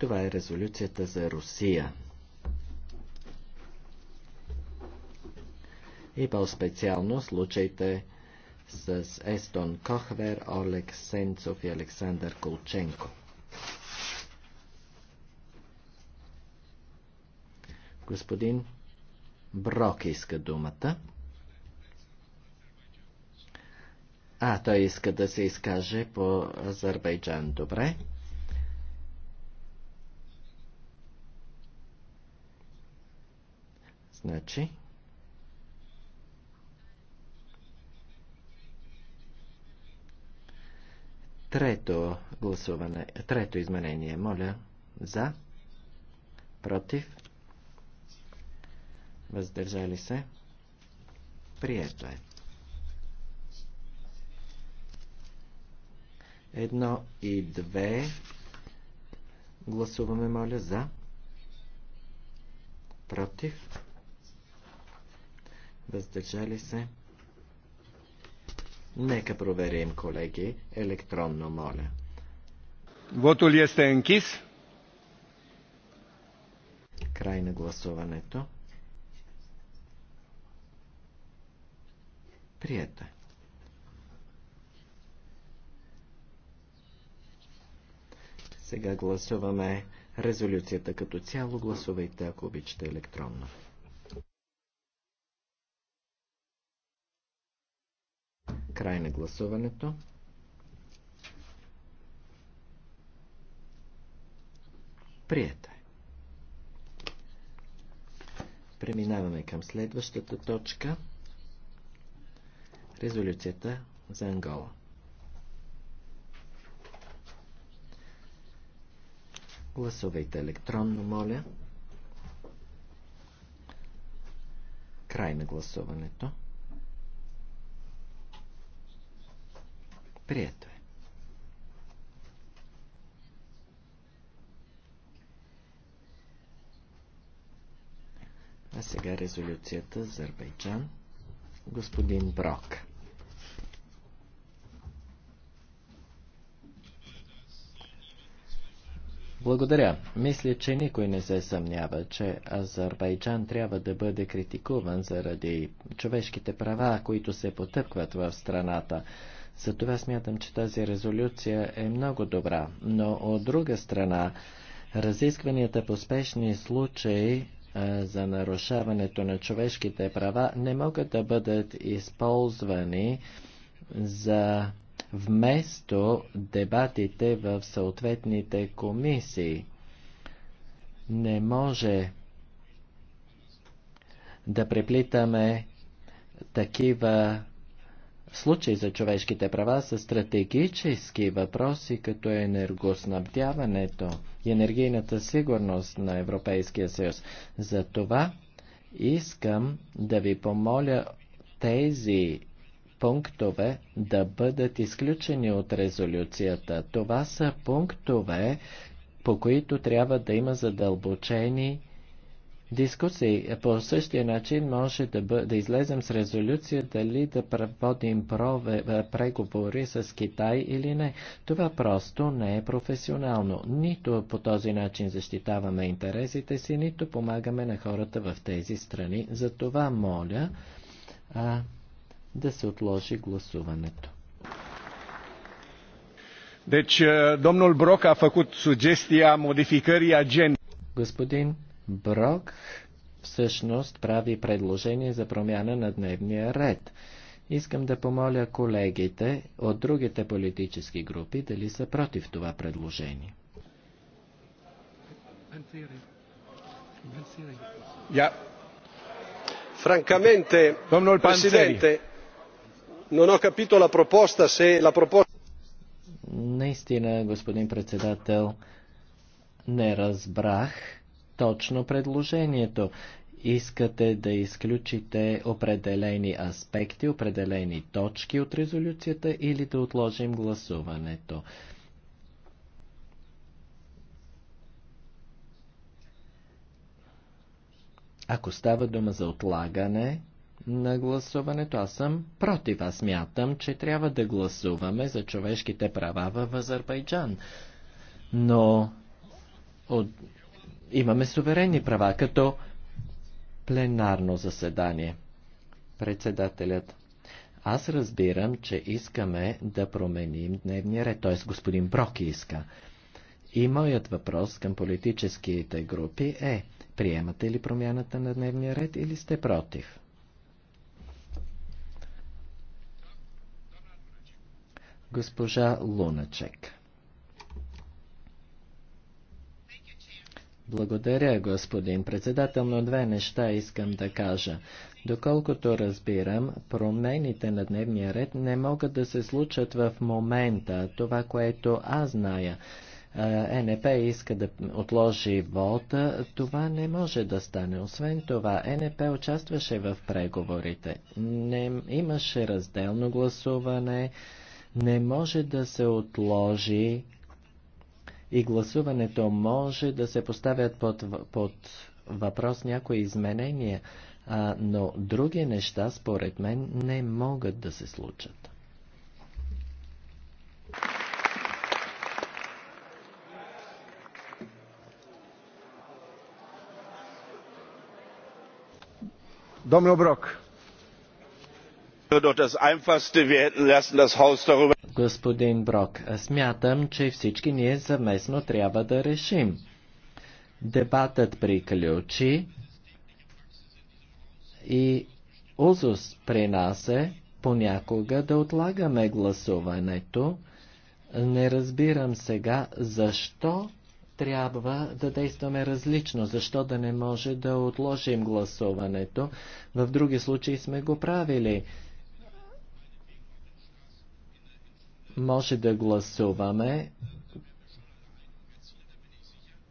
Това е резолюцията за Русия. И по-специално случаите с Естон Кохвер, Олег Сенцов и Александър Колченко. Господин Брок иска думата. А, той иска да се изкаже по Азербайджан. Добре. Значи, трето гласуване, трето изменение, моля, за, против, въздържали се, прието е. Едно и две. Гласуваме, моля, за. Против въздържали се. Нека проверим, колеги, електронно, моля. ли сте енкис? Край на гласуването. Приета. Е. Сега гласуваме резолюцията като цяло. Гласувайте, ако обичате електронно. Край на гласуването. Прията е. Преминаваме към следващата точка. Резолюцията за Ангола. Гласувайте електронно, моля. Край на гласуването. Прието е. А сега резолюцията за Азербайджан. Господин Брок. Благодаря. Мисля, че никой не се съмнява, че Азербайджан трябва да бъде критикуван заради човешките права, които се потъпкват в страната. Затова смятам, че тази резолюция е много добра, но от друга страна, разискванията по спешни случаи за нарушаването на човешките права не могат да бъдат използвани за вместо дебатите в съответните комисии. Не може да преплитаме такива случаи за човешките права са стратегически въпроси, като енергоснабдяването и енергийната сигурност на Европейския съюз. За това искам да ви помоля тези пунктове да бъдат изключени от резолюцията. Това са пунктове, по които трябва да има задълбочени дискусии. По същия начин може да, бъ... да излезем с резолюция дали да проводим прове... Е, преговори с Китай или не. Това просто не е професионално. Нито по този начин защитаваме интересите си, нито помагаме на хората в тези страни. За това моля а, да се отложи гласуването. Deci, е, domnul Broc a făcut sugestia modificării agendei. Господин Брок всъщност прави предложение за промяна на дневния ред. Искам да помоля колегите от другите политически групи дали са против това предложение. Yeah. Francamente, Presidente, non ho capito la proposta se la proposta... Наистина, господин председател, не разбрах точно предложението. Искате да изключите определени аспекти, определени точки от резолюцията или да отложим гласуването. Ако става дума за отлагане на гласуването, аз съм против. Аз мятам, че трябва да гласуваме за човешките права в Азербайджан. Но от имаме суверенни права, като пленарно заседание. Председателят. Аз разбирам, че искаме да променим дневния ред, т.е. господин Броки иска. И моят въпрос към политическите групи е, приемате ли промяната на дневния ред или сте против? Госпожа Луначек. Благодаря, господин председател, но две неща искам да кажа. Доколкото разбирам, промените на дневния ред не могат да се случат в момента, това, което аз зная. НП иска да отложи вота, това не може да стане. Освен това, НП участваше в преговорите. Не, имаше разделно гласуване, не може да се отложи и гласуването може да се поставят под, под въпрос някои изменения, а, но други неща, според мен, не могат да се случат. Domnul оброк. Господин Брок, смятам, че всички ние съвместно трябва да решим. Дебатът приключи и узус при нас е понякога да отлагаме гласуването. Не разбирам сега защо трябва да действаме различно, защо да не може да отложим гласуването. В други случаи сме го правили. може да гласуваме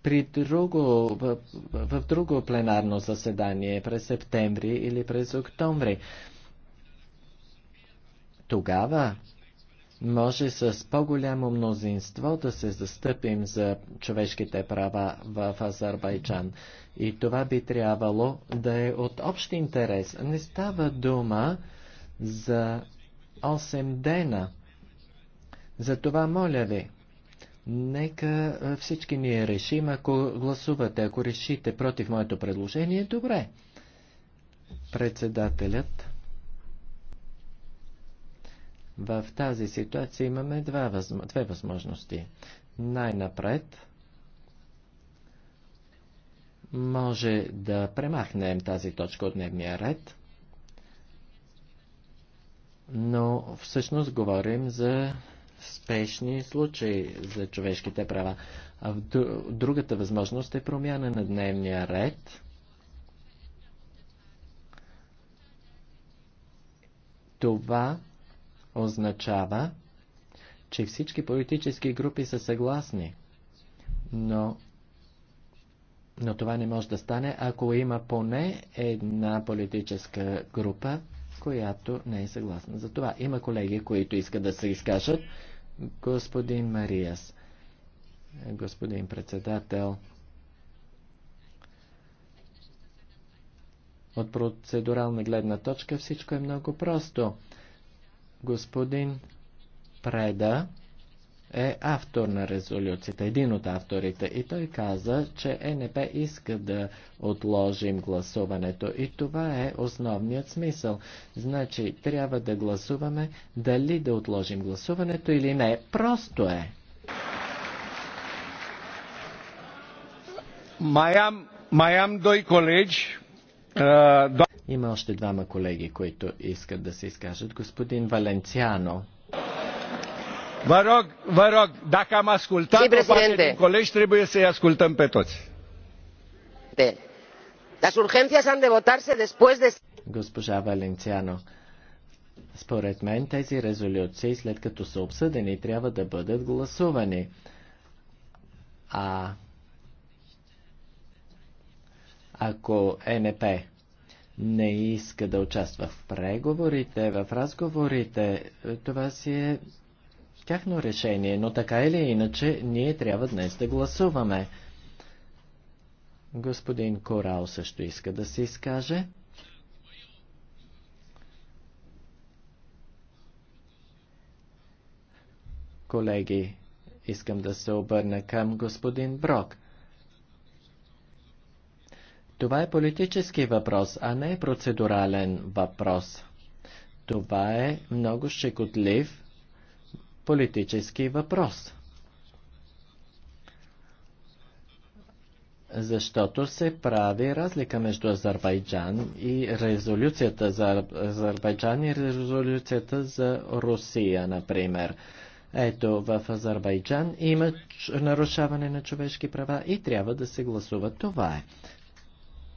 при друго, в, в друго пленарно заседание през септември или през октомври. Тогава може с по-голямо мнозинство да се застъпим за човешките права в Азербайджан. И това би трябвало да е от общ интерес. Не става дума за 8 дена. Затова моля ви, нека всички ние решим, ако гласувате, ако решите против моето предложение, добре. Председателят в тази ситуация имаме два, възм... две възможности. Най-напред може да премахнем тази точка от дневния ред, но всъщност говорим за спешни случаи за човешките права. А другата възможност е промяна на дневния ред. Това означава, че всички политически групи са съгласни, но, но това не може да стане, ако има поне една политическа група, която не е съгласна за това. Има колеги, които искат да се изкажат. Господин Мариас, господин председател, от процедурална гледна точка всичко е много просто. Господин Преда е автор на резолюцията, един от авторите, и той каза, че ЕНП иска да отложим гласуването. И това е основният смисъл. Значи, трябва да гласуваме дали да отложим гласуването или не. Просто е. Маям, маям дой коледж. Има още двама колеги, които искат да се изкажат. Господин Валенциано. Vă rog, vă rog, dacă am ascultat sí, o parte din colegi, trebuie să-i ascultăm pe toți. Las urgencias han de votarse después de... Госпожа Валенциано, според мен тези резолюции, след като са обсъдени, трябва да бъдат гласувани. А ако е НП не иска да участва в преговорите, в разговорите, това си е тяхно решение, но така или иначе ние трябва днес да гласуваме. Господин Корал също иска да се изкаже. Колеги, искам да се обърна към господин Брок. Това е политически въпрос, а не процедурален въпрос. Това е много щекотлив политически въпрос. Защото се прави разлика между Азербайджан и резолюцията за Азербайджан и резолюцията за Русия, например. Ето, в Азербайджан има нарушаване на човешки права и трябва да се гласува. Това е.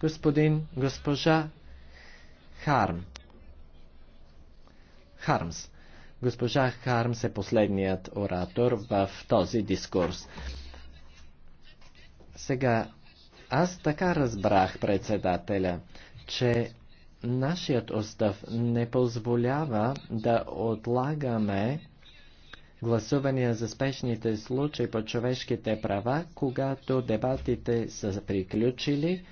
Господин, госпожа Харм. Хармс. Госпожа Хармс е последният оратор в този дискурс. Сега, аз така разбрах председателя, че нашият устав не позволява да отлагаме гласувания за спешните случаи по човешките права, когато дебатите са приключили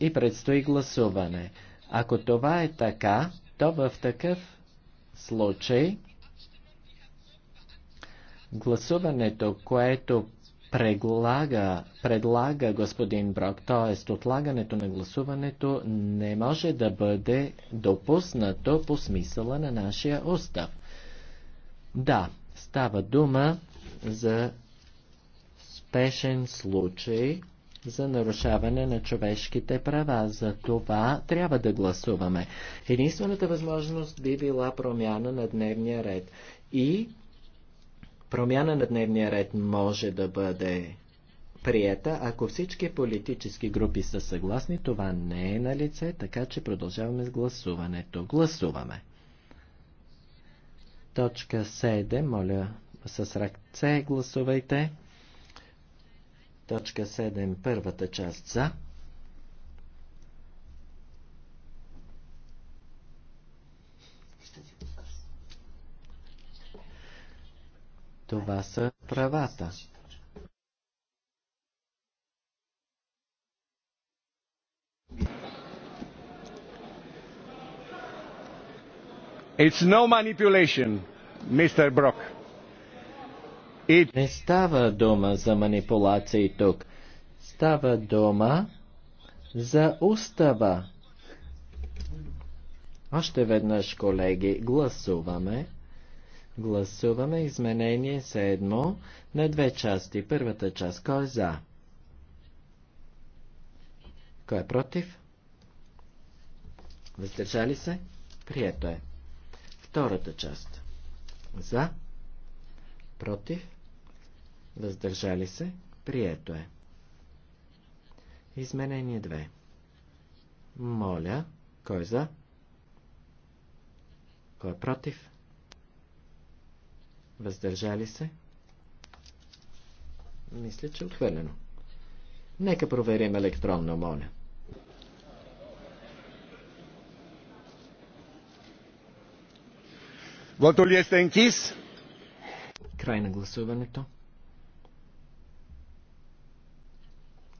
и предстои гласуване. Ако това е така, то в такъв случай гласуването, което предлага, предлага господин Брок, т.е. отлагането на гласуването не може да бъде допуснато по смисъла на нашия устав. Да, става дума за спешен случай, за нарушаване на човешките права. За това трябва да гласуваме. Единствената възможност би била промяна на дневния ред. И промяна на дневния ред може да бъде приета, ако всички политически групи са съгласни, това не е на лице, така че продължаваме с гласуването. Гласуваме. Точка 7, моля, с ръкце гласувайте. Точка 7, първата част за. Това са правата. It's no manipulation, Mr. Brock. Не става дума за манипулации тук. Става дума за устава. Още веднъж, колеги, гласуваме. Гласуваме изменение седмо на две части. Първата част. Кой е за? Кой е против? Въздържали се? Прието е. Втората част. За? Против? Въздържали се. Прието е. Изменение 2. Моля. Кой е за? Кой е против? Въздържали се? Мисля, че е отхвърлено. Нека проверим електронно, моля. Votul е стенкис. Край на гласуването.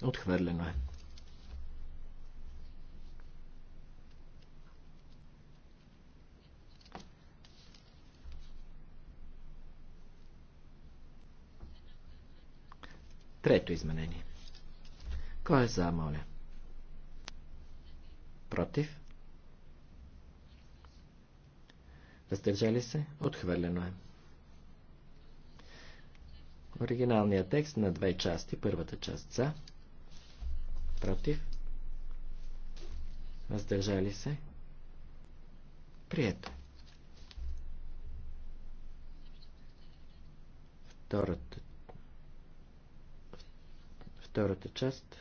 Отхвърлено е. Трето изменение. Кой е за, моля? Против? Въздържали се? Отхвърлено е. Оригиналният текст на две части. Първата част за против, въздържали се, прието. Втората, втората част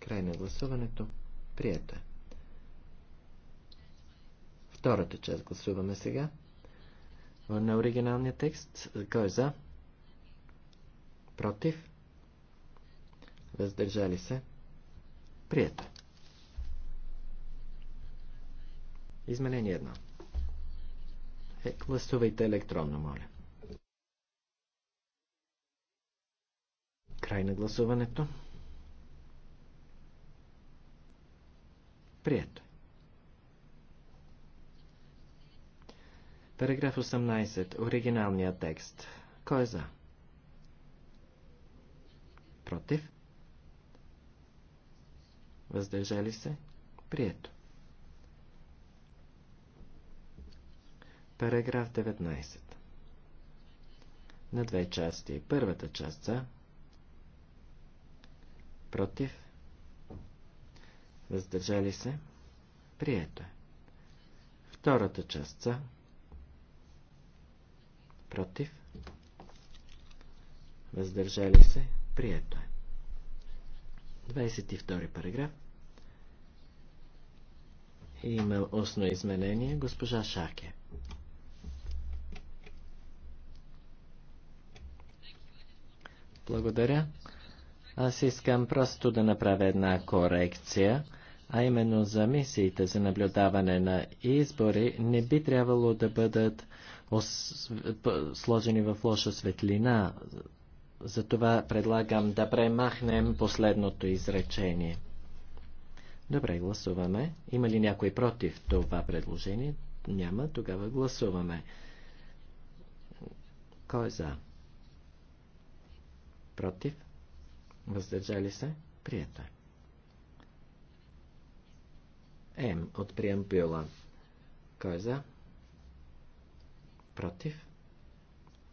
Край на гласуването. Прията. Е. Втората част гласуваме сега на оригиналния текст. Кой е за? Против? Въздържали се? Прието. Изменение едно. Е, гласувайте електронно, моля. Край на гласуването. Прието. Параграф 18. Оригиналния текст. Кой е за? Против? Въздържали се? Прието. Параграф 19. На две части. Първата част за. Против? Въздържали се? Прието е. Втората част за против, въздържали се, прието е. 22 параграф. Има устно изменение госпожа Шаке. Благодаря. Аз искам просто да направя една корекция, а именно за мисиите за наблюдаване на избори не би трябвало да бъдат сложени в лоша светлина. Затова предлагам да премахнем последното изречение. Добре, гласуваме. Има ли някой против това предложение? Няма, тогава гласуваме. Кой е за? Против? Въздържали се? Прието е. М от приемпила. Кой е за? против,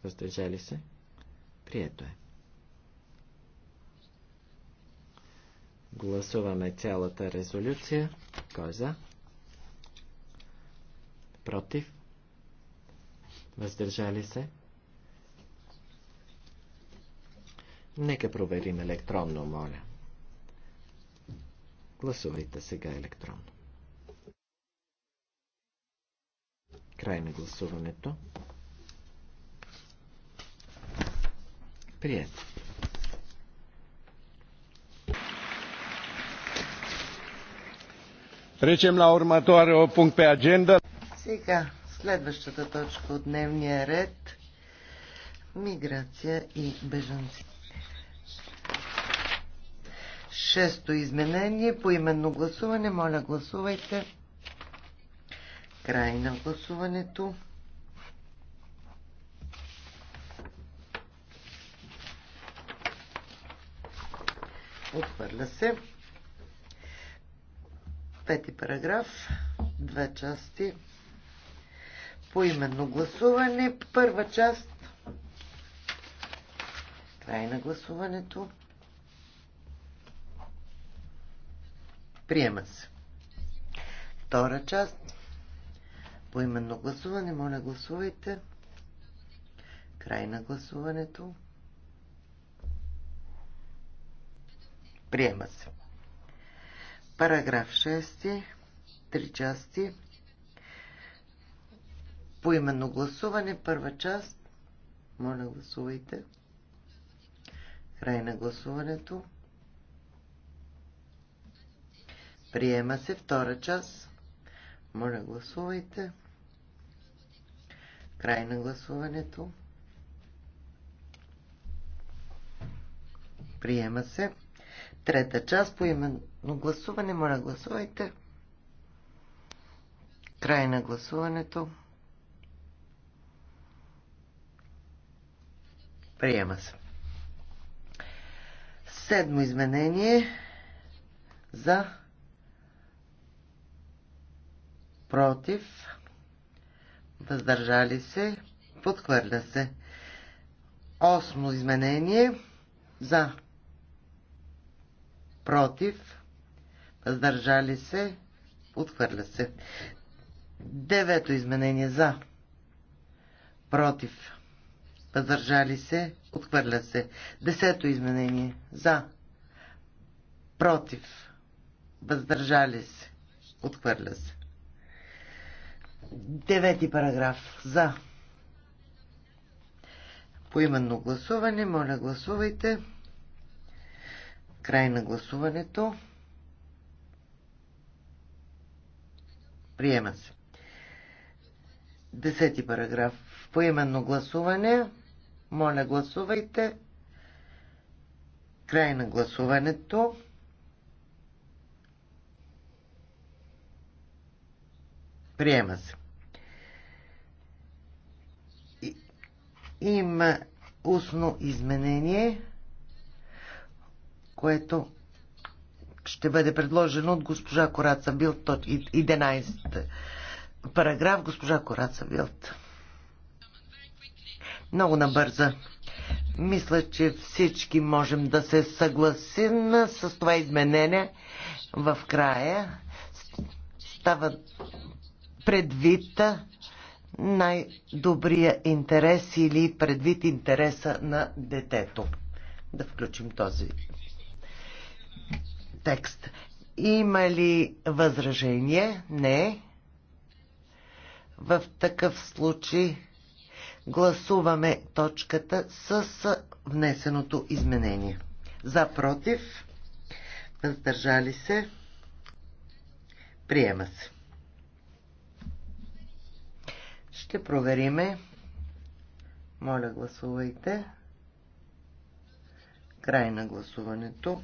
въздържали се, прието е. Гласуваме цялата резолюция. Кой е за? Против? Въздържали се? Нека проверим електронно, моля. Гласувайте сега електронно. Край на гласуването. Прият. на la următoarea пункт пе адженда. Сега, следващата точка от дневния ред – миграция и бежанци. Шесто изменение по именно гласуване. Моля, гласувайте. Край на гласуването. Отвърля се. Пети параграф. Две части. Поименно гласуване. Първа част. Край на гласуването. Приема се. Втора част. Поименно гласуване, моля гласувайте. Край на гласуването. Приема се. Параграф 6. Три части. Поименно гласуване. Първа част. Моля, гласувайте. Край на гласуването. Приема се втора част. Моля, гласувайте. Край на гласуването. Приема се. Трета част по именно гласуване. Моля, гласувайте. Край на гласуването. Приема се. Седмо изменение за против, въздържали се, подхвърля се. Осмо изменение за против, въздържали се, отхвърля се. Девето изменение за против, въздържали се, отхвърля се. Десето изменение за против, въздържали се, отхвърля се. Девети параграф. За. Поименно гласуване. Моля, гласувайте. Край на гласуването. Приема се. Десети параграф. Поименно гласуване. Моля, гласувайте. Край на гласуването. Приема се. Има устно изменение, което ще бъде предложено от госпожа Кораца Билт, 11 параграф, госпожа Кораца Билт. Много набърза. Мисля, че всички можем да се съгласим с това изменение в края. Става предвид най-добрия интерес или предвид интереса на детето. Да включим този текст. Има ли възражение? Не. В такъв случай гласуваме точката с внесеното изменение. За против, въздържали се, приема се. Ще провериме. Моля, гласувайте. Край на гласуването.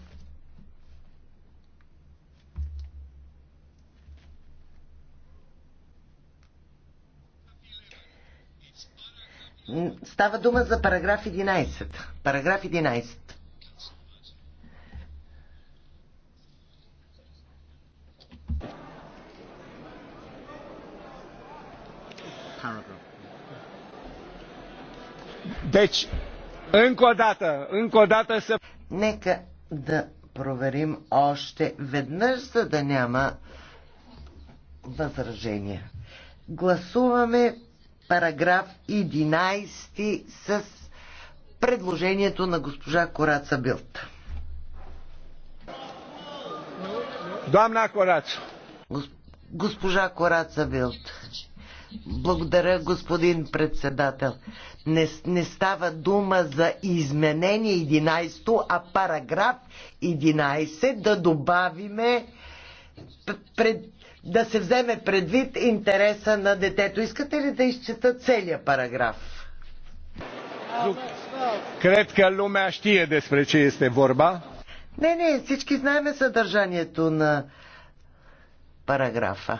Става дума за параграф 11. Параграф 11. paragraph. Deci, încă o dată, încă o dată să... Нека да проверим още веднъж, за да няма възражения. Гласуваме параграф 11 с предложението на госпожа Кораца Билт. Дамна Кораца. Госпожа Кораца Билт. Благодаря, господин председател. Не, не става дума за изменение 11, а параграф 11 да добавиме пред, да се вземе предвид интереса на детето. Искате ли да изчета целият параграф? Кретка că lumea știe despre сте este Не, не, всички знаеме съдържанието на параграфа.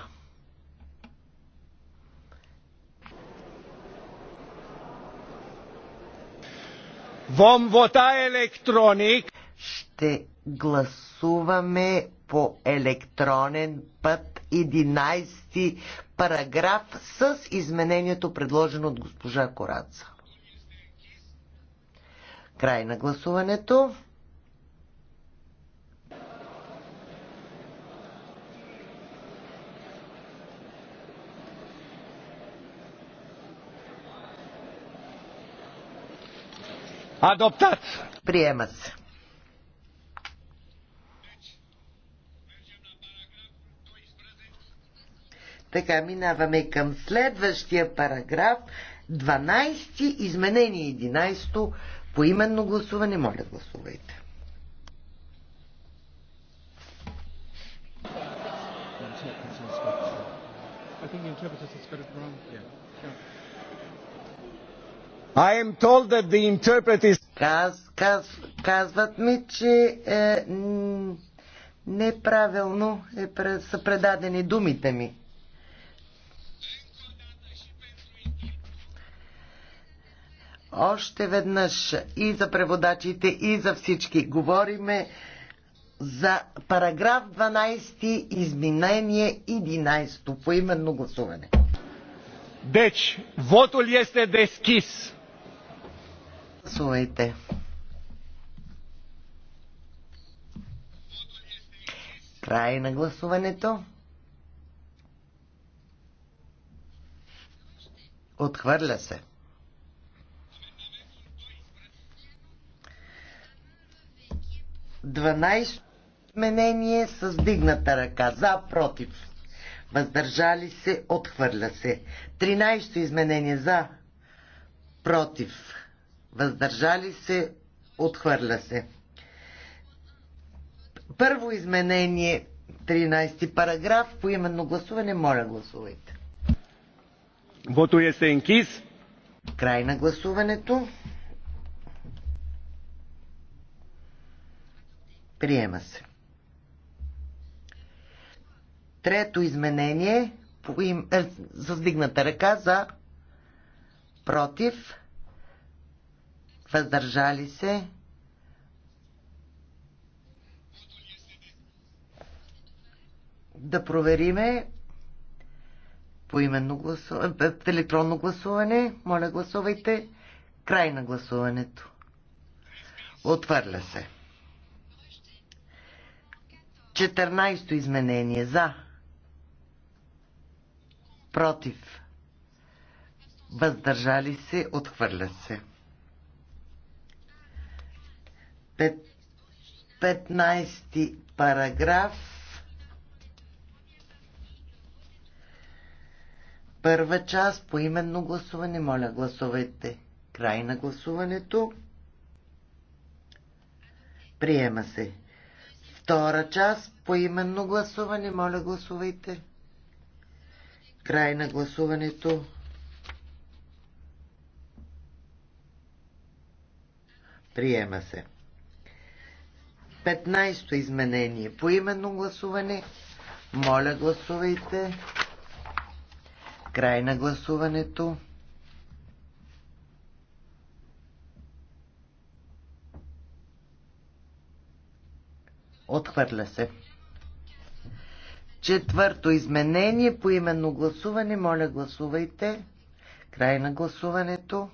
Vom vota електроник. Ще гласуваме по електронен път 11 параграф с изменението предложено от госпожа Кораца. Край на гласуването. Адоптат. Приема се. Така, минаваме към следващия параграф. 12 изменение 11 по именно гласуване. Моля, гласувайте. I think the interpreter it wrong. Yeah. Yeah. I am told that the Каз, каз, казват ми, че е, неправилно е, са предадени думите ми. Още веднъж и за преводачите, и за всички. Говориме за параграф 12, изменение 11, по именно гласуване. Deci, votul este deschis. Гласувайте. Край на гласуването. Отхвърля се. Дванайсто изменение с дигната ръка. За, против. Въздържали се, отхвърля се. Тринайсто изменение за, против въздържали се, отхвърля се. Първо изменение, 13 параграф, по именно гласуване, моля гласувайте. Вото е се инкис. Край на гласуването. Приема се. Трето изменение, по им, е, с ръка за против въздържали се. Да провериме по именно гласуване, електронно гласуване. Моля, гласувайте. Край на гласуването. Отвърля се. 14-то изменение. За. Против. Въздържали се. Отхвърля се. 15 параграф, първа част по именно гласуване. Моля, гласувайте. Край на гласуването. Приема се. Втора част по именно гласуване. Моля, гласувайте. Край на гласуването. Приема се. 15-то изменение. По именно гласуване. Моля, гласувайте. Край на гласуването. Отхвърля се. Четвърто изменение по именно гласуване. Моля, гласувайте. Край на гласуването.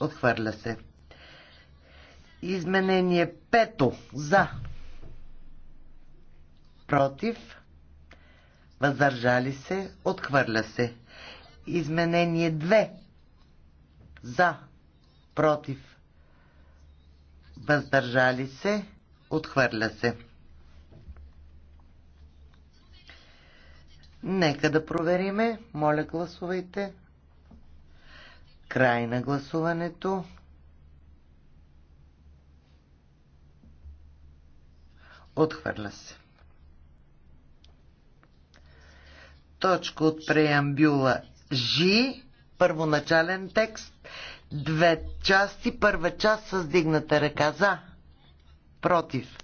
Отхвърля се. Изменение пето. За. Против. Въздържали се. Отхвърля се. Изменение 2. За. Против. Въздържали се. Отхвърля се. Нека да провериме. Моля, гласувайте. Край на гласуването. Отхвърля се. Точка от преамбюла Жи. първоначален текст, две части, първа част с дигната ръка за, против,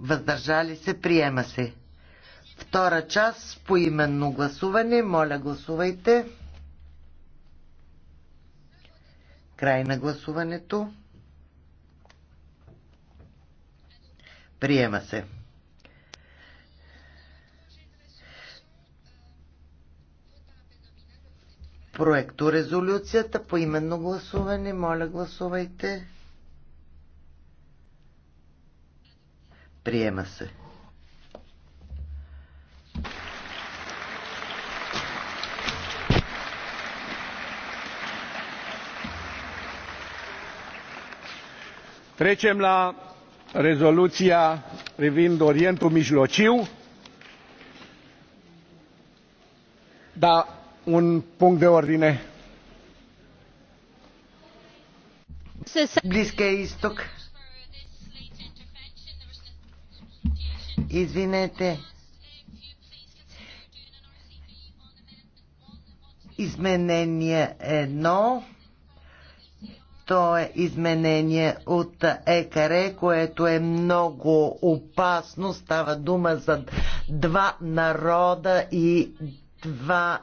въздържали се, приема се. Втора част по именно гласуване, моля гласувайте. Край на гласуването. Приема се. Проекто резолюцията по именно гласуване. Моля, гласувайте. Приема се. Trecem la rezoluția privind Orientul Mijlociu. Da, un punct de ordine. Близкия изток. Извинете. Изменение едно. То е изменение от ЕКР, което е много опасно. Става дума за два народа и два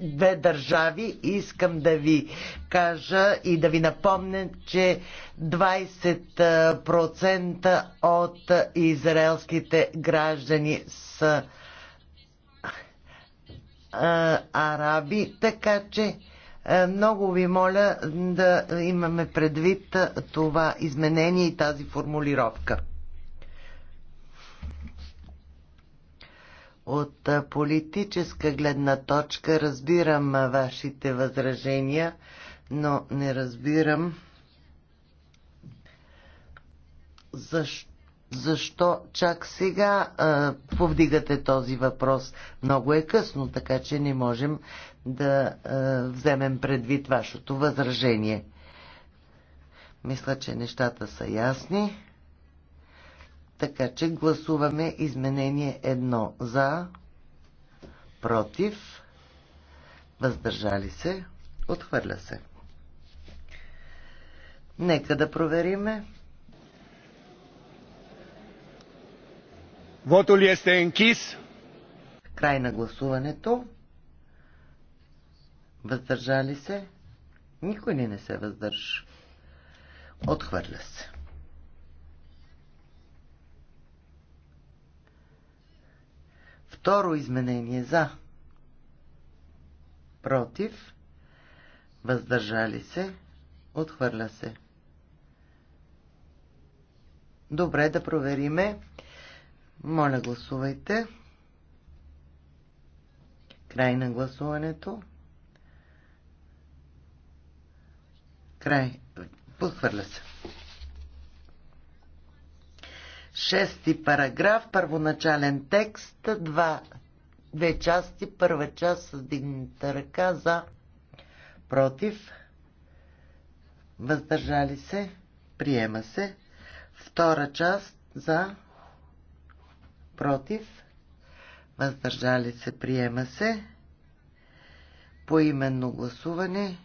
две държави. Искам да ви кажа и да ви напомня, че 20% от израелските граждани са а, араби, така че е, много ви моля да имаме предвид това изменение и тази формулировка. От политическа гледна точка разбирам вашите възражения, но не разбирам защо защо чак сега а, повдигате този въпрос. Много е късно, така че не можем да а, вземем предвид вашето възражение. Мисля, че нещата са ясни. Така че гласуваме изменение едно за, против, въздържали се, отхвърля се. Нека да провериме. Votul este închis. Край на гласуването. Въздържали се? Никой не, не се въздържа. Отхвърля се. Второ изменение за. Против. Въздържали се. Отхвърля се. Добре, да провериме. Моля, гласувайте. Край на гласуването. Край. Похвърля се. Шести параграф, първоначален текст, два, две части, първа част с дигната ръка за против, въздържали се, приема се, втора част за против, въздържали се, приема се. По именно гласуване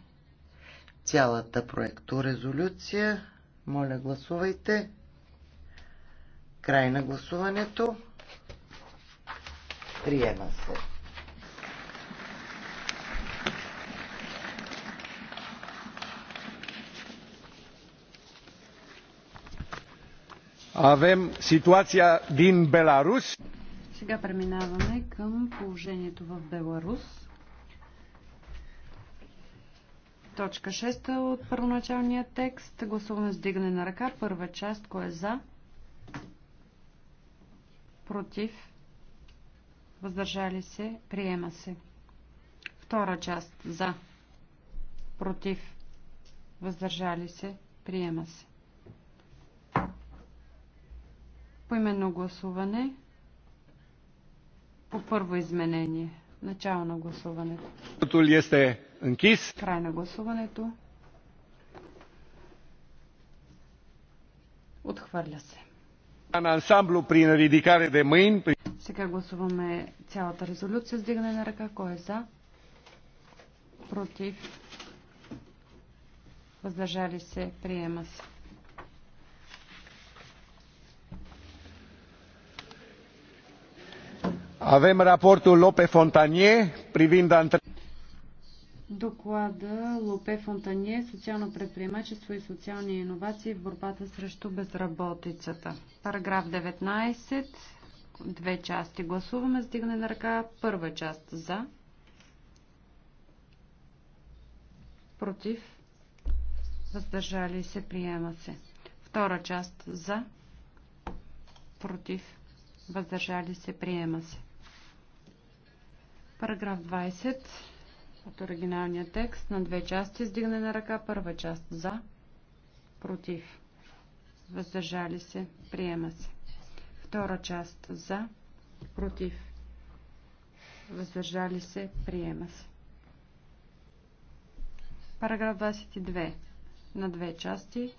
цялата проекторезолюция. Моля, гласувайте. Край на гласуването. Приема се. Avem situația din Беларус. Сега преминаваме към положението в Беларус. Точка 6 от първоначалния текст. Гласуваме с дигане на ръка. Първа част. Кой е за? Против? Въздържали се? Приема се. Втора част. За? Против? Въздържали се? Приема се. Поименно гласуване по първо изменение. Начало на гласуването. Край на гласуването. Отхвърля се. Сега гласуваме цялата резолюция с дигане на ръка. Кой е за? Против? Въздържали се? Приема се. Avem raportul Lope Fontanie privind Доклада Лопе Фонтание социално предприемачество и социални иновации в борбата срещу безработицата. Параграф 19. Две части. Гласуваме с дигане на ръка. Първа част за. Против. Въздържали се. Приема се. Втора част за. Против. Въздържали се. Приема се. Параграф 20 от оригиналния текст на две части. издигане на ръка. Първа част за. Против. Въздържали се. Приема се. Втора част за. Против. Въздържали се. Приема се. Параграф 22 на две части.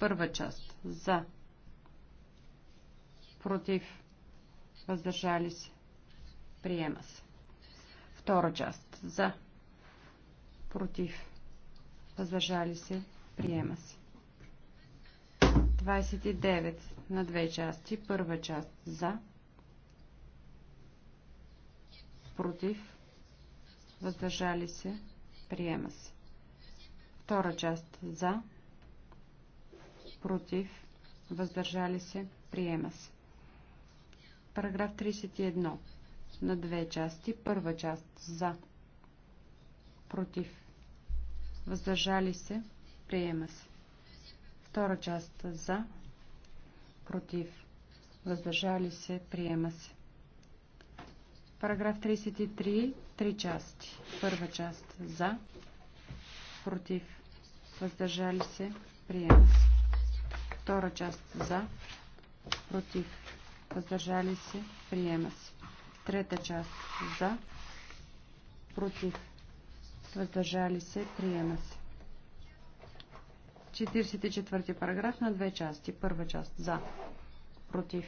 Първа част за. Против. Въздържали се. Приема се. Втора част. За. Против. Въздържали се. Приема се. 29 на две части. Първа част. За. Против. Въздържали се. Приема се. Втора част. За. Против. Въздържали се. Приема се. Параграф 31 на две части. Първа част за, против, въздържали се, приема се. Втора част за, против, въздържали се, приема се. Параграф 33, три части. Първа част за, против, въздържали се, приема се. Втора част за, против, въздържали се, приема се. Трета част за. Против. Въздържали се. Приема се. 44 параграф на две части. Първа част за. Против.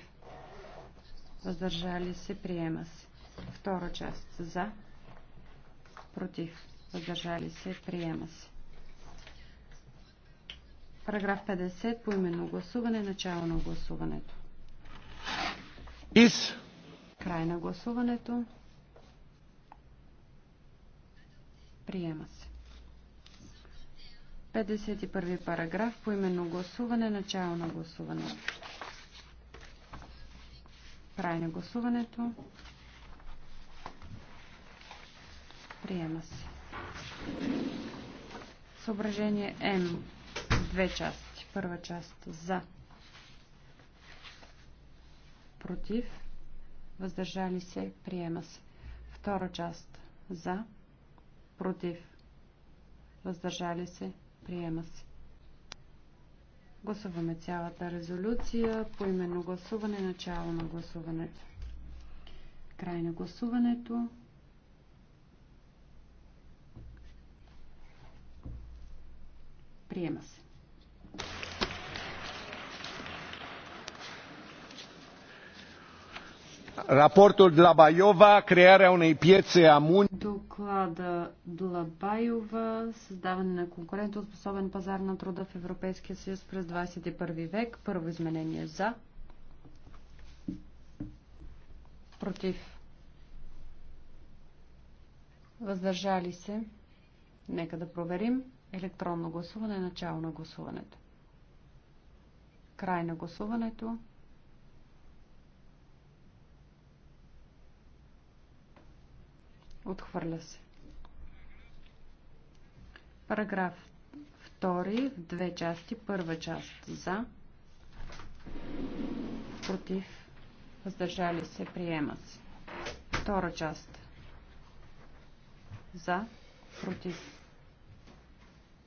Въздържали се. Приема се. Втора част за. Против. Въздържали се. Приема се. Параграф 50. Поименно гласуване. Начало на гласуването. Из Край на гласуването. Приема се. 51 параграф по именно гласуване, начало на гласуване. Край на гласуването. Приема се. Съображение М. Две части. Първа част за. Против въздържали се, приема се. Втора част за, против, въздържали се, приема се. Гласуваме цялата резолюция по именно гласуване, начало на гласуването. Край на гласуването. Приема се. Raportul Baiova, crearea unei piețe a muncii. Доклада Длабайова, създаване на конкурентоспособен пазар на труда в Европейския съюз през 21 век. Първо изменение за. Против. Въздържали се. Нека да проверим. Електронно гласуване, начало на гласуването. Край на гласуването. Отхвърля се. Параграф 2 в две части. Първа част за. Против. Въздържали се. Приема се. Втора част. За. Против.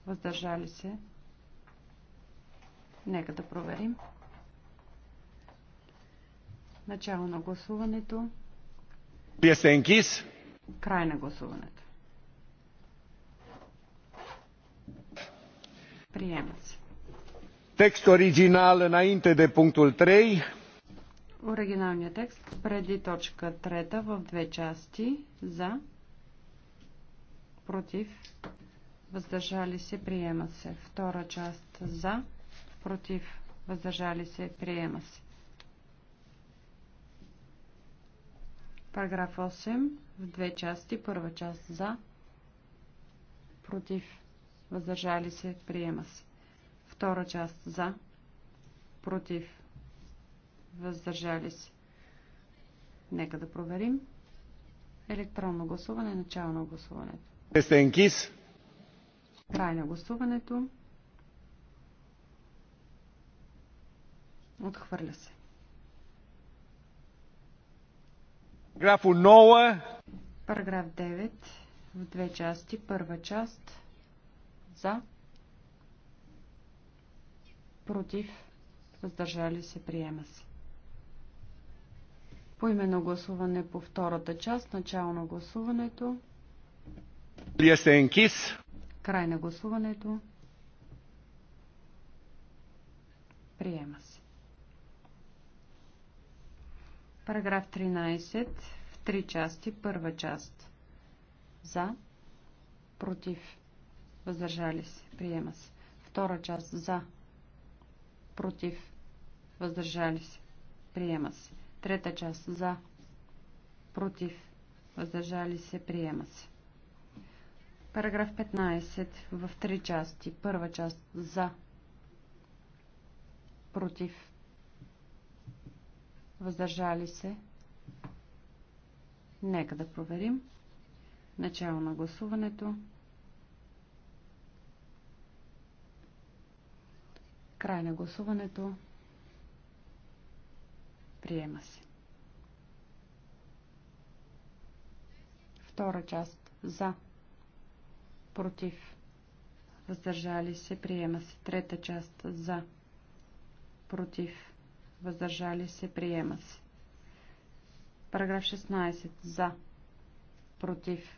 Въздържали се. Нека да проверим. Начало на гласуването. Пиесенкис. Край на гласуването. Приема се. Текст оригинал înainte де пунктул 3. Оригиналният текст преди точка 3 в две части за против въздържали се приема се. Втора част за против въздържали се приема се. Параграф 8 в две части. Първа част за, против, въздържали се, приема се. Втора част за, против, въздържали се. Нека да проверим. Електронно гласуване, начало на гласуването. Естенкис. Край на гласуването. Отхвърля се. Графо 9. Параграф 9 в две части. Първа част за, против, въздържали се, приема се. По именно гласуване по втората част, начало на гласуването. Ли енкис? Край на гласуването. Приема се. Параграф 13 в три части. Първа част. За. Против. Въздържали се. Приема се. Втора част. За. Против. Въздържали се. Приема се. Трета част. За. Против. Въздържали се. Приема се. Параграф 15 в три части. Първа част. За. Против Въздържали се? Нека да проверим. Начало на гласуването. Край на гласуването. Приема се. Втора част. За. Против. Въздържали се. Приема се. Трета част. За. Против въздържали се, приема се. Параграф 16. За, против,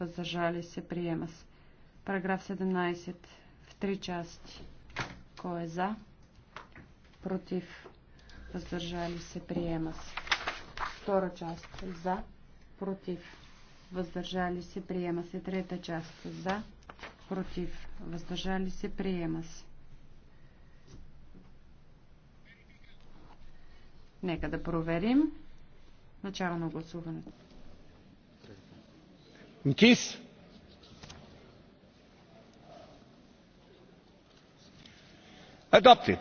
въздържали се, приема се. Параграф 17. В три части. Кой е за? Против, въздържали се, приема се. Втора част. За, против, въздържали се, приема се. Трета част. За, против, въздържали се, приема се. Нека да проверим. Начало на гласуването. Închis. Adopted.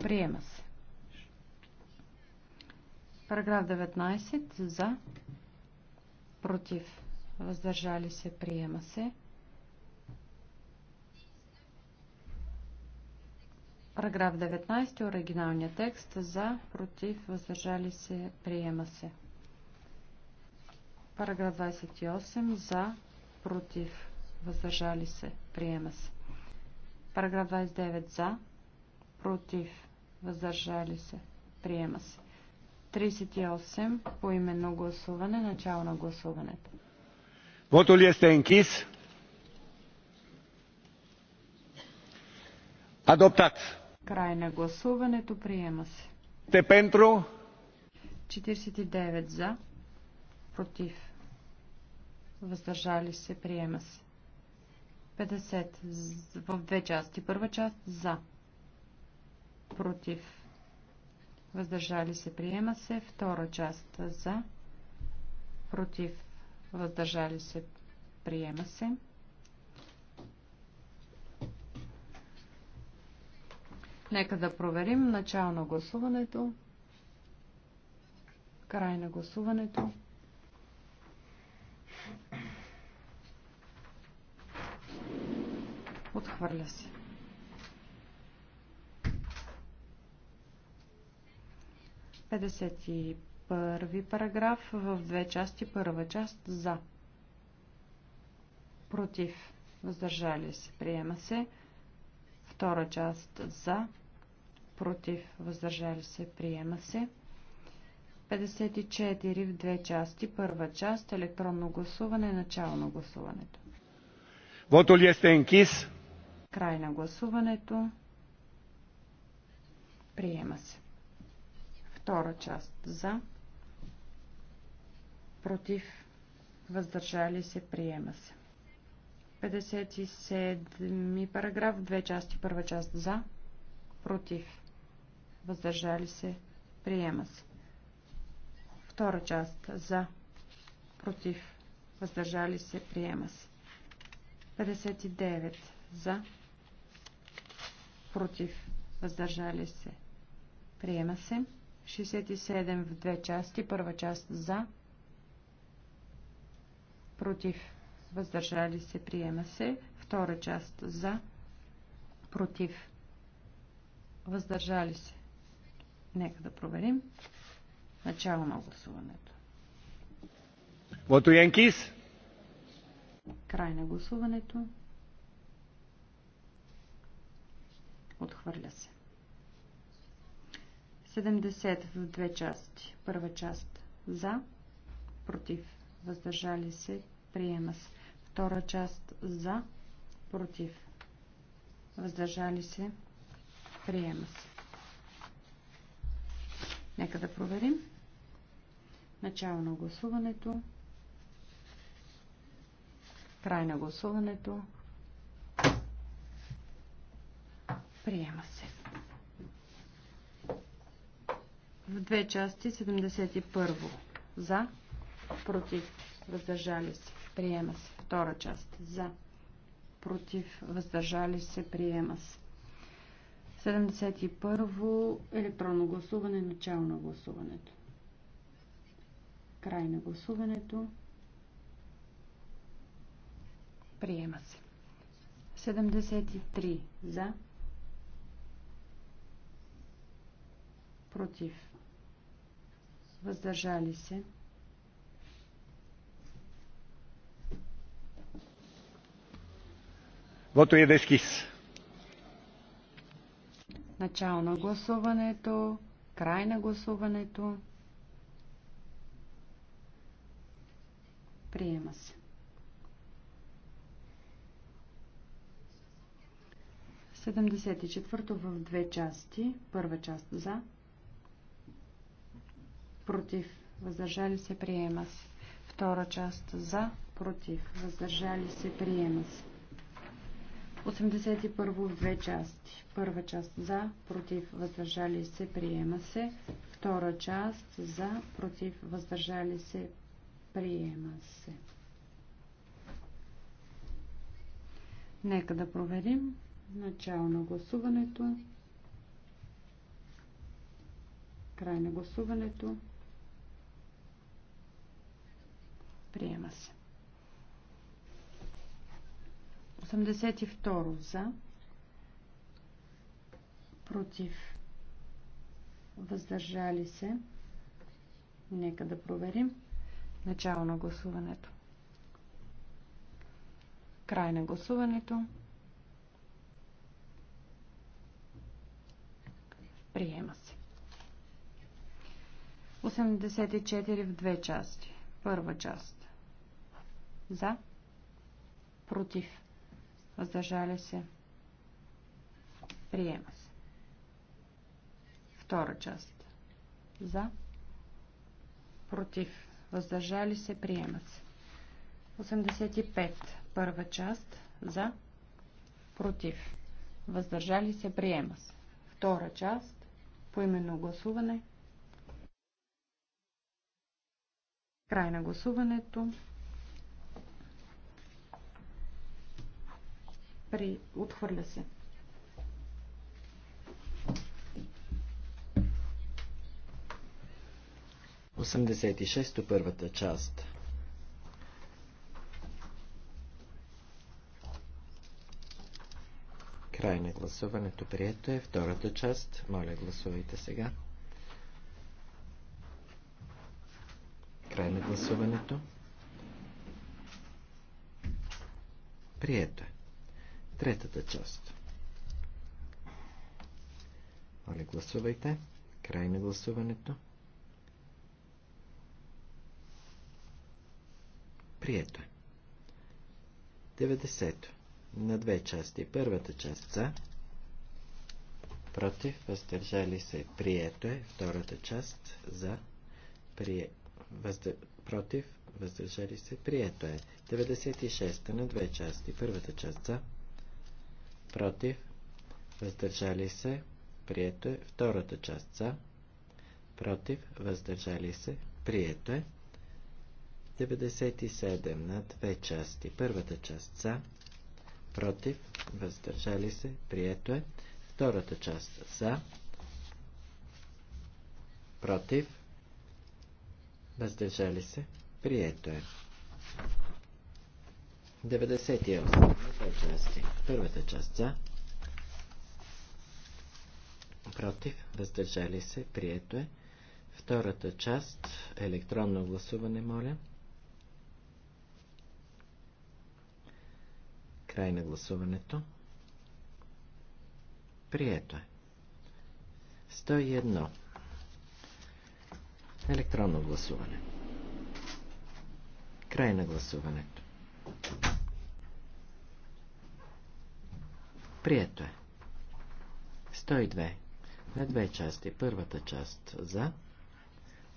Приема се. Параграф 19. За. Против. Въздържали се. Приема се. Параграф 19, е оригиналния текст. За, против, въздържали се, приема се. Параграф 28. За, против, въздържали се, приема се. Параграф 29. За, против, въздържали се, приема се. 38. По именно гласуване. Начало на гласуването. Votul este închis. Адоптация. Край на гласуването. Приема се. Те пентро. 49 за. Против. Въздържали се. Приема се. 50 в две части. Първа част за. Против. Въздържали се. Приема се. Втора част за. Против. Въздържали се. Приема се. Нека да проверим начало на гласуването, край на гласуването. Отхвърля се. Петдесет първи параграф в две части. Първа част за. Против. Въздържали се. Приема се. Втора част за, против, въздържали се, приема се. 54 в две части. Първа част електронно гласуване, начало на гласуването. Вото ли сте енкис? Край на гласуването. Приема се. Втора част за. Против. Въздържали се. Приема се. 57 параграф, две части, първа част за, против, въздържали се, приема се. Втора част за, против, въздържали се, приема се. 59 за, против, въздържали се, приема се. 67 в две части, първа част за, против, въздържали се, приема се. Втора част за, против, въздържали се. Нека да проверим. Начало на гласуването. Вото Янкис. Край на гласуването. Отхвърля се. 70 в две части. Първа част за, против, въздържали се, приема се. Втора част за, против, въздържали се, приема се. Нека да проверим. Начало на гласуването. Край на гласуването. Приема се. В две части 71. За, против, въздържали се. Приема се. Втора част. За. Против. Въздържали се. Приема се. 71. Електронно гласуване. Начало на гласуването. Край на гласуването. Приема се. 73. За. Против. Въздържали се. Votul е deschis. Начало на гласуването, край на гласуването. Приема се. 74 в две части. Първа част за. Против. Въздържали се. Приема се. Втора част за. Против. Въздържали се. Приема се. 81 в две части. Първа част за, против, въздържали се, приема се. Втора част за, против, въздържали се, приема се. Нека да проверим начало на гласуването, край на гласуването, приема се. 82 за, против, въздържали се. Нека да проверим. Начало на гласуването. Край на гласуването. Приема се. 84 в две части. Първа част. За. Против въздържали се, приема се. Втора част. За, против, въздържали се, приема се. 85. Първа част. За, против, въздържали се, приема се. Втора част. Поименно гласуване. Край на гласуването. При... Отхвърля се. Осемдесет и шесто първата част. Край на гласуването. Прието е втората част. Моля, гласувайте сега. Край на гласуването. Прието е. Третата част. Моля, гласувайте. Край на гласуването. Прието е. 90. На две части. Първата част за. Против. Въздържали се. Прието е. Втората част за. Прие... Въздър... Против. Въздържали се. Прието е. 96. На две части. Първата част за против, въздържали се, прието е. Втората част за, против, въздържали се, прието е. 97 на две части. Първата част за, против, въздържали се, прието е. Втората част за, против, въздържали се, прието е. 98 части. Първата част за. Против. Въздържали се. Прието е. Втората част. Електронно гласуване, моля. Край на гласуването. Прието е. 101. Електронно гласуване. Край на гласуването. Прието е. 102. На две части. Първата част за,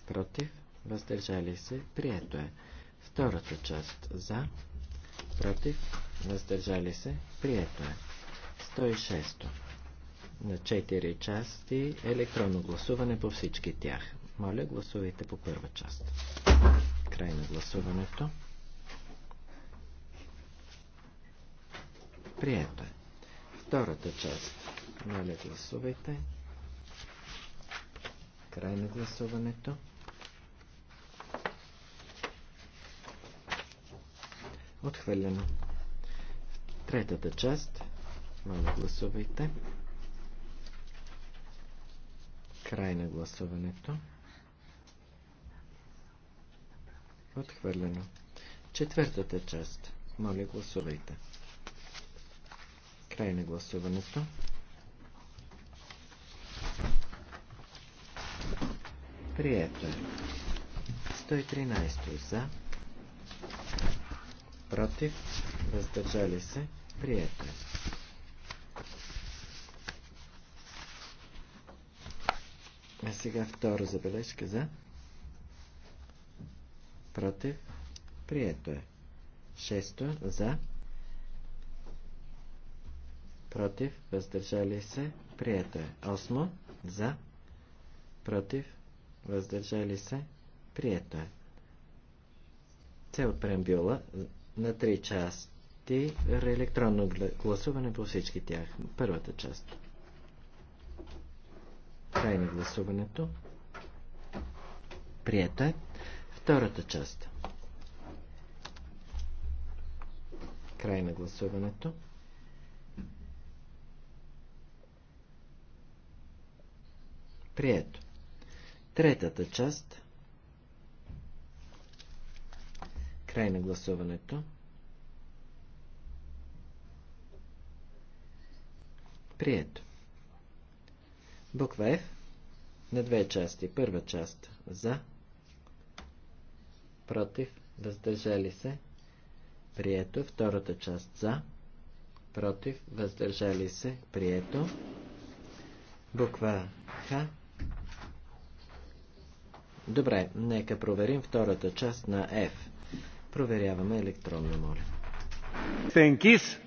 против, въздържали се, прието е. Втората част за, против, въздържали се, прието е. 106. На 4 части електронно гласуване по всички тях. Моля, гласувайте по първа част. Край на гласуването. Прието е. Втората част. Моля, гласувайте. Край на гласуването. Отхвърлено. Третата част. Моля, гласувайте. Край на гласуването. Отхвърлено. Четвъртата част. Моля, гласувайте. Край на гласуването. Прието е. 113 за. Против. Въздържали се. Прието е. А сега втора забележка за. Против. Прието е. Шесто за против, въздържали се, прието е. Осмо, за, против, въздържали се, прието е. Цел преамбюла на три части, е електронно гласуване по всички тях. Първата част. Край на гласуването. Прието е. Втората част. Край на гласуването. Прието. Третата част. Край на гласуването. Прието. Буква F на две части. Първа част за, против, въздържали се. Прието. Втората част за, против, въздържали се. Прието. Буква Х Добре, нека проверим втората част на F. Проверяваме електронно, моля. Сенкис.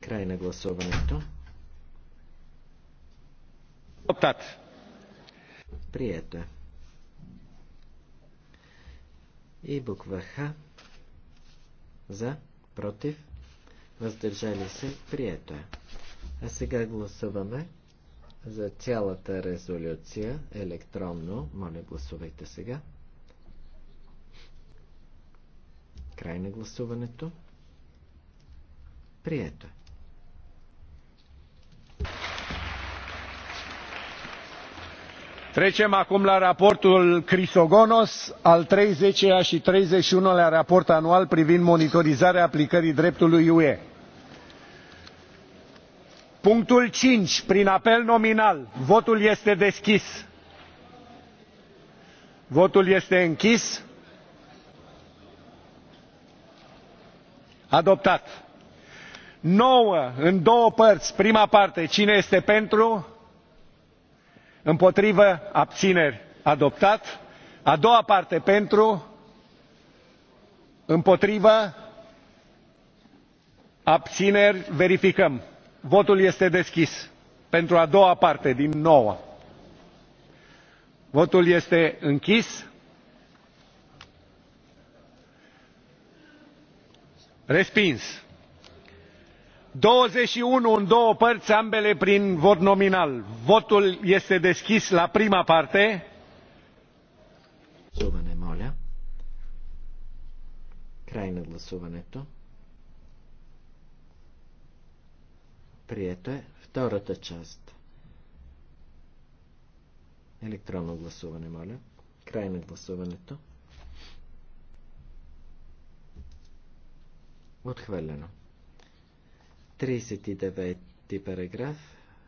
Край на гласуването. Оптат. Прието е. И буква Х. За, против, въздържали се, прието е. А сега гласуваме за цялата резолюция електронно. Моля, гласувайте сега. Край на гласуването. Прието е. Trecem acum la raportul Crisogonos, al 30 a și 31-lea raport anual privind monitorizarea aplicării dreptului UE punctul cinci prin apel nominal votul este deschis votul este închis adoptat nouă în două părți prima parte cine este pentru împotrivă abțineri adoptat a doua parte pentru împotrivă abțineri verificăm votul este deschis pentru a doua parte din nouă. votul este închis. respins. douăzeci și unu în două părți ambele prin vot nominal. votul este deschis la prima parte. Прието е втората част. Електронно гласуване, моля. Край на гласуването. Отхвърлено. 39 ти параграф.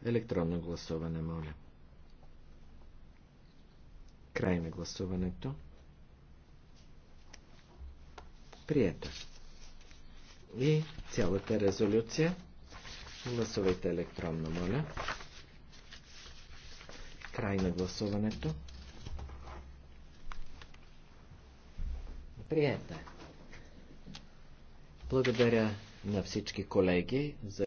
Електронно гласуване, моля. Край на гласуването. Прието. И цялата резолюция. Гласувайте електронно, моля. Край на гласуването. Приятно. Е. Благодаря на всички колеги за